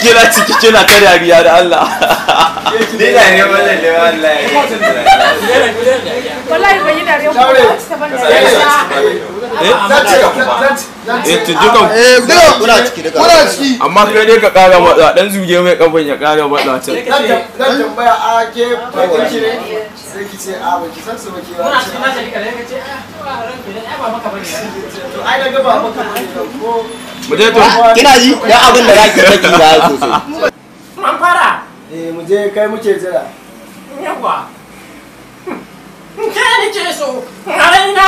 kina ciki kina ta dariya da Allah ne da ne wannan da wallahi wallahi ban yi dariya ko ta ban eh to duka eh duka kuna eh, ciki duka kuna ciki amma kai dai ka kara matsa dan zuge mai kafan ya kara matsa ta dan eh? tambaya a ke bakin ne sai ki ce a san su ba kuna ka ce ah, a ran ki ne ai ba maka bane to ai daga ba maka bane ko mu je to kina ji dan abin da yaki take ba ya sosai an fara eh mu je kai muke jira yawa kai nake so raina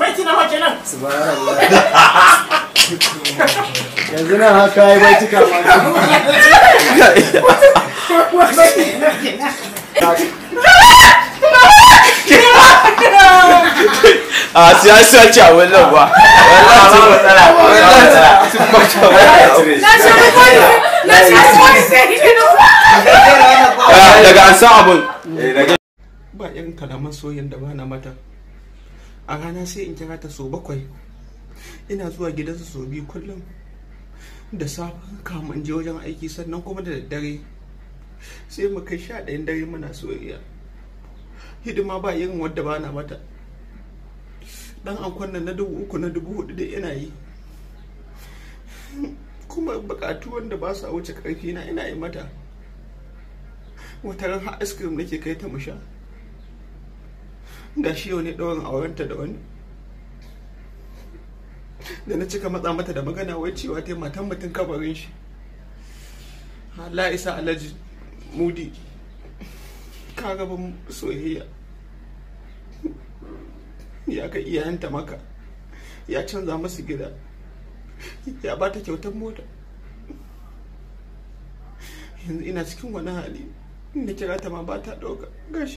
baiti na mace nan subhanallah yanzu nan haka yi baiti kama Thank Ah, a siyasa ah. ce a wannan ah, eh, ba wannan ce matsala wannan ce matsala daga an san abun ba yan kalaman soyayyen da bana mata a rana sai in kira ta so bakwai ina zuwa gidansa so biyu kullum da safin kamun je wajen aiki sannan kuma da daddare sai mu kai sha ɗayan dare muna soyayya hidima ba yin wadda bana mata dan ankon nan na dubu uku na dubu hudu da ina yi kuma bukatu wanda ba su wuce karfi na ina yi mata wata ran har ice cream nake kai ta musha ga shi yau ne ɗaurin aurenta da wani da na cika matsa mata da magana wai cewa ta matan mutum kabarin shi Allah isa alhaji mudi ka gaban soyayya ya kai iyayenta maka ya canza masu gida ya ba ta kyautar mota yanzu ina cikin wani hali inda kira ta ma ba ta ɗauka